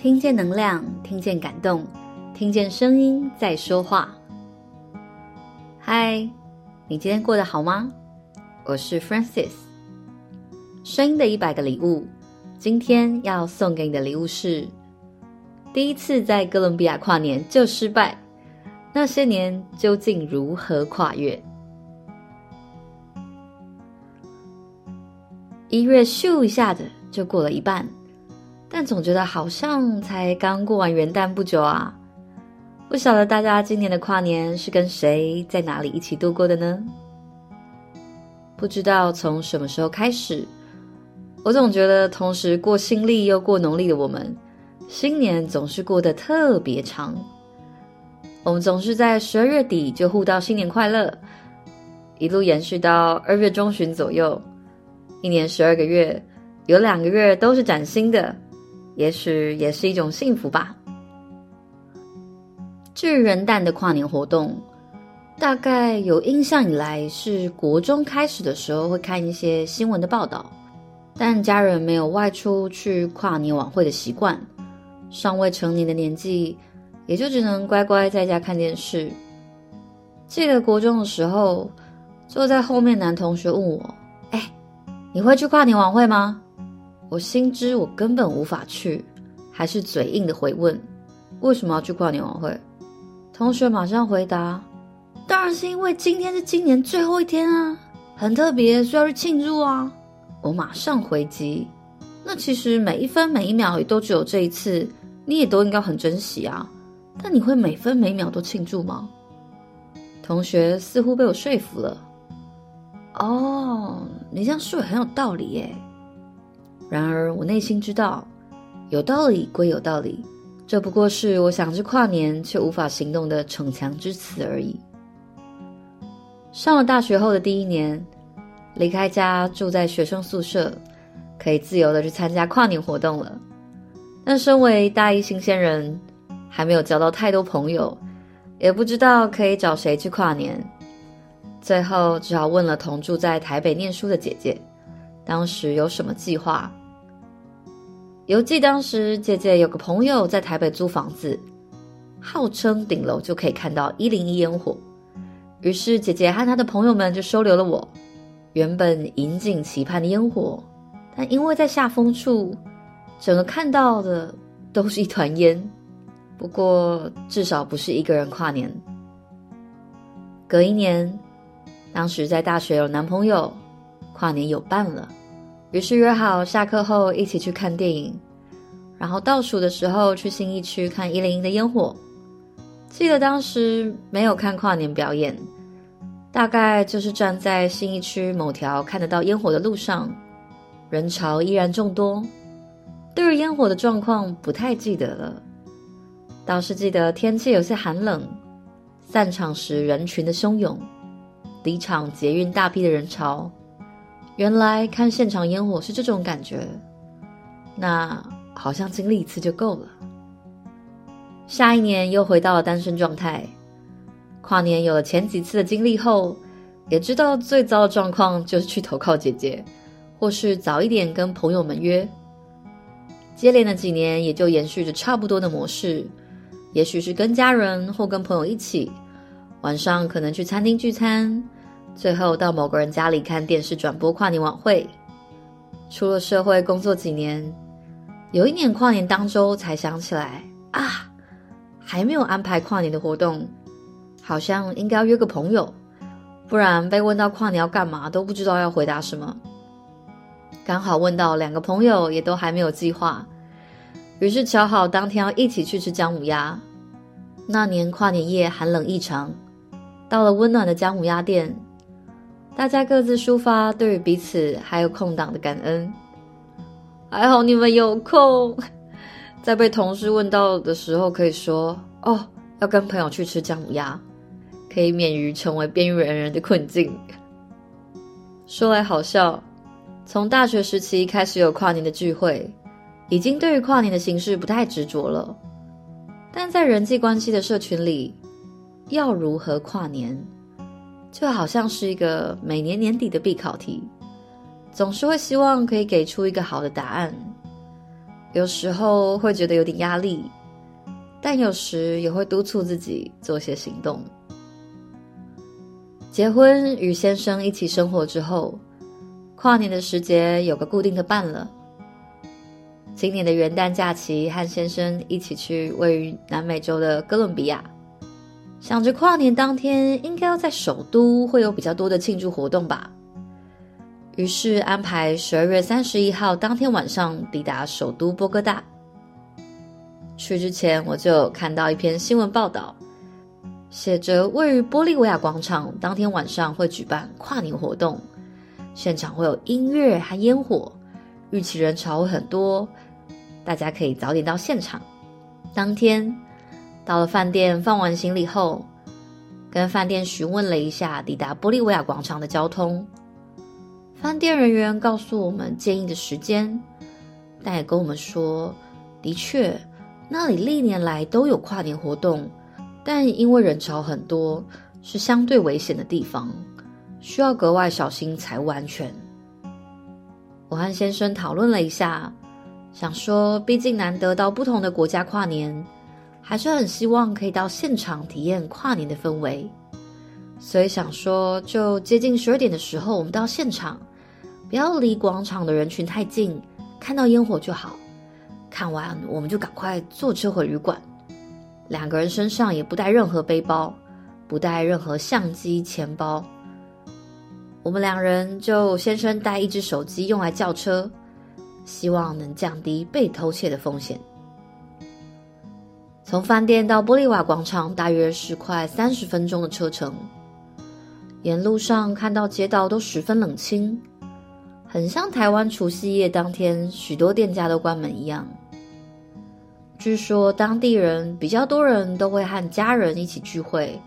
聽見能量，聽見感動，聽見聲音在說話。嗨，你今天過得好嗎？我是 Frances。聲音的一百個禮物，今天要送給你的禮物是：第一次在哥倫比亞跨年就失敗，那些年究竟如何跨越？一月咻一下子就過了一半。但總覺得好像才剛過完元旦不久啊！不曉得大家今年的跨年是跟誰在哪裡一起度過的呢？不知道從什麼時候開始，我總覺得同時過新曆又過農曆的我們，新年總是過得特別長。我們總是在十二月底就互道新年快樂，一路延續到二月中旬左右，一年十二個月，有兩個月都是嶄新的。也許也是一種幸福吧。至於元旦的跨年活動，大概有印象以來是國中開始的時候會看一些新聞的報道，但家人沒有外出去跨年晚會的習慣，尚未成年的年紀，也就只能乖乖在家看電視。記得國中的時候，坐在後面男同學問我：“哎、欸，你會去跨年晚會嗎？”我心知我根本無法去，還是嘴硬的回問：“為什麼要去跨年晚會？”同學馬上回答：“當然是因為今天是今年最後一天啊，很特別，需要去慶祝啊！”我馬上回擊：“那其實每一分每一秒也都只有這一次，你也都應該很珍惜啊！但你會每分每秒都慶祝嗎？”同學似乎被我說服了，哦，你這樣說也很有道理耶、欸。然而，我內心知道，有道理歸有道理，這不過是我想去跨年卻無法行動的逞強之詞而已。上了大學後的第一年，離開家住在學生宿舍，可以自由的去參加跨年活動了。但身為大一新鮮人，還沒有交到太多朋友，也不知道可以找誰去跨年，最後只好問了同住在台北念書的姐姐，當時有什麼計劃。猶記當時，姐姐有個朋友在台北租房子，號稱頂樓就可以看到一零一煙火。於是姐姐和她的朋友們就收留了我。原本引頸期盼的煙火，但因為在下風處，整個看到的都是一團煙。不過至少不是一個人跨年。隔一年，當時在大學有男朋友，跨年有伴了。於是約好下課後一起去看電影，然後倒數的時候去信義區看一零一的煙火。記得當時沒有看跨年表演，大概就是站在信義區某條看得到煙火的路上，人潮依然眾多。對於煙火的狀況不太記得了，倒是記得天氣有些寒冷，散場時人群的洶湧，離場捷運大批的人潮。原來看現場煙火是這種感覺，那好像經歷一次就夠了。下一年又回到了單身狀態，跨年有了前幾次的經歷後，也知道最糟的狀況就是去投靠姐姐，或是早一點跟朋友們約。接連的幾年也就延續着差不多的模式，也許是跟家人或跟朋友一起，晚上可能去餐廳聚餐。最後到某個人家裡看電視轉播跨年晚會。出了社會工作幾年，有一年跨年當周才想起來啊，還沒有安排跨年的活動，好像應該要約個朋友，不然被問到跨年要幹嘛都不知道要回答什麼。剛好問到兩個朋友也都還沒有計劃，於是巧好當天要一起去吃薑母鴨。那年跨年夜寒冷異常，到了溫暖的薑母鴨店。大家各自抒發對於彼此還有空檔的感恩。還好你們有空，在被同事問到的時候，可以說：“哦，要跟朋友去吃薑母鴨，可以免於成為邊緣人人的困境。”說來好笑，從大學時期開始有跨年的聚會，已經對於跨年的形式不太執着了。但在人際關係的社群裡，要如何跨年？就好像是一個每年年底的必考題，總是會希望可以給出一個好的答案。有時候會覺得有點壓力，但有時也會督促自己做些行動。結婚與先生一起生活之後，跨年的時節有個固定的伴了。今年的元旦假期和先生一起去位於南美洲的哥倫比亞。想着跨年當天應該要在首都會有比較多的慶祝活動吧，於是安排十二月三十一號當天晚上抵達首都波哥大。去之前我就有看到一篇新聞報道，寫着位於玻利維亞廣場，當天晚上會舉辦跨年活動，現場會有音樂和煙火，預期人潮會很多，大家可以早點到現場。當天。到了飯店，放完行李後，跟飯店詢問了一下抵達玻利維亞廣場的交通。飯店人員告訴我們建議的時間，但也跟我們說，的確那裡歷年來都有跨年活動，但因為人潮很多，是相對危險的地方，需要格外小心財物安全。我和先生討論了一下，想說，畢竟難得到不同的國家跨年，還是很希望可以到現場體驗跨年的氛圍，所以想說，就接近十二點的時候，我們到現場，不要離廣場的人群太近，看到煙火就好。看完我們就趕快坐車回旅館。兩個人身上也不帶任何背包，不帶任何相機、錢包。我們兩人就先生帶一隻手機用來叫車，希望能降低被偷竊的風險。從飯店到玻利瓦廣場大約是快三十分鐘的車程，沿路上看到街道都十分冷清，很像台灣除夕夜當天許多店家都關門一樣。據說當地人比較多人都會和家人一起聚會，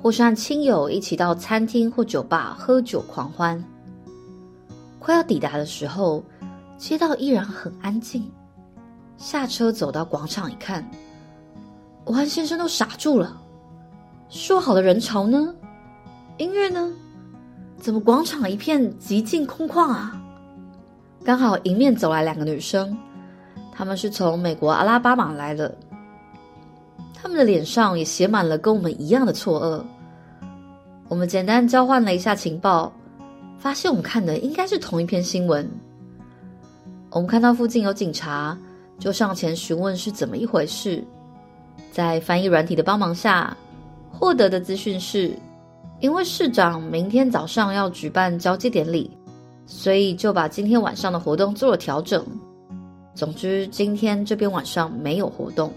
或是和親友一起到餐廳或酒吧喝酒狂歡。快要抵達的時候，街道依然很安靜，下車走到廣場一看，我先生都傻住了，說好的人潮呢？音樂呢？怎麼廣場一片寂靜空曠啊？剛好迎面走來兩個女生，她們是從美國阿拉巴馬來的，她們的臉上也寫滿了跟我們一樣的錯愕。我們簡單交換了一下情報，發現我們看的應該是同一篇新聞。我們看到附近有警察，就上前詢問是怎麼一回事。在翻譯軟體的幫忙下，獲得的資訊是，因為市長明天早上要舉辦交接典禮，所以就把今天晚上的活動做了調整。總之，今天這邊晚上沒有活動。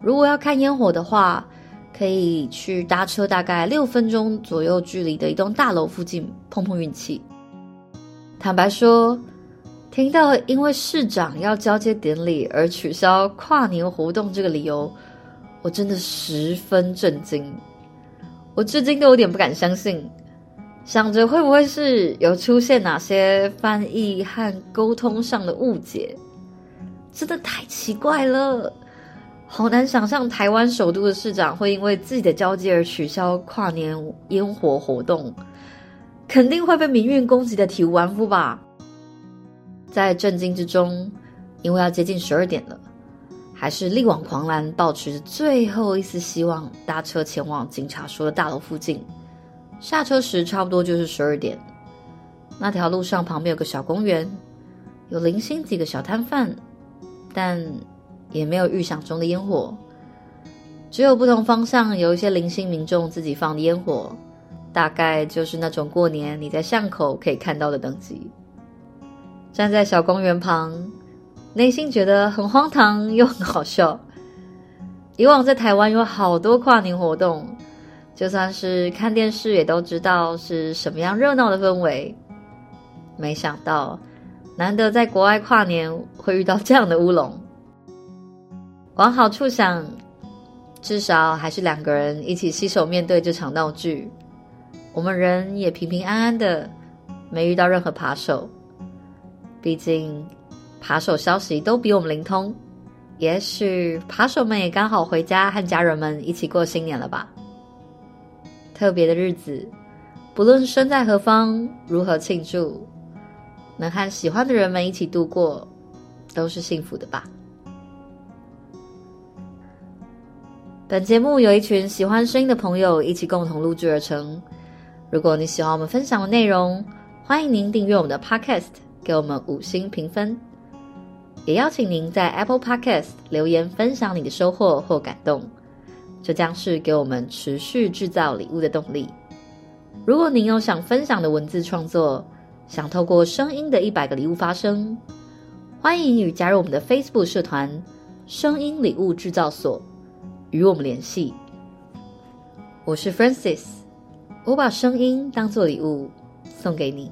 如果要看煙火的話，可以去搭車大概六分鐘左右距離的一棟大樓附近碰碰運氣。坦白說，聽到因為市長要交接典禮而取消跨年活動這個理由，我真的十分震驚，我至今都有點不敢相信，想着會不會是有出現哪些翻譯和溝通上的誤解？真的太奇怪了，好難想象台灣首都的市長會因為自己的交接而取消跨年煙火活動，肯定會被民怨攻擊得體無完膚吧？在震驚之中，因為要接近十二點了。還是力挽狂瀾，抱持著最後一絲希望，搭車前往警察說的大樓附近。下車時差不多就是十二點。那條路上旁邊有個小公園，有零星幾個小攤販，但也沒有預想中的煙火，只有不同方向有一些零星民眾自己放的煙火，大概就是那種過年你在巷口可以看到的等級。站在小公園旁。內心覺得很荒唐又很好笑。以往在台灣有好多跨年活動，就算是看電視也都知道是什麼樣熱鬧的氛圍。沒想到，難得在國外跨年會遇到這樣的烏龍。往好處想，至少還是兩個人一起攜手面對這場鬧劇。我們人也平平安安的，沒遇到任何扒手。畢竟，扒手消息都比我們靈通，也許扒手們也剛好回家和家人們一起過新年了吧。特別的日子，不論身在何方，如何慶祝，能和喜歡的人們一起度過，都是幸福的吧。本節目由一群喜歡聲音的朋友一起共同錄製而成。如果你喜歡我們分享的內容，歡迎您訂閱我們的 Podcast，給我們五星評分。也邀請您在 Apple Podcast 留言分享你的收穫或感動，這將是給我們持續製造禮物的動力。如果您有想分享的文字創作，想透過聲音的一百個禮物發聲，歡迎你加入我們的 Facebook 社團“聲音禮物製造所”與我們聯繫。我是 Frances，我把聲音當作禮物送給你。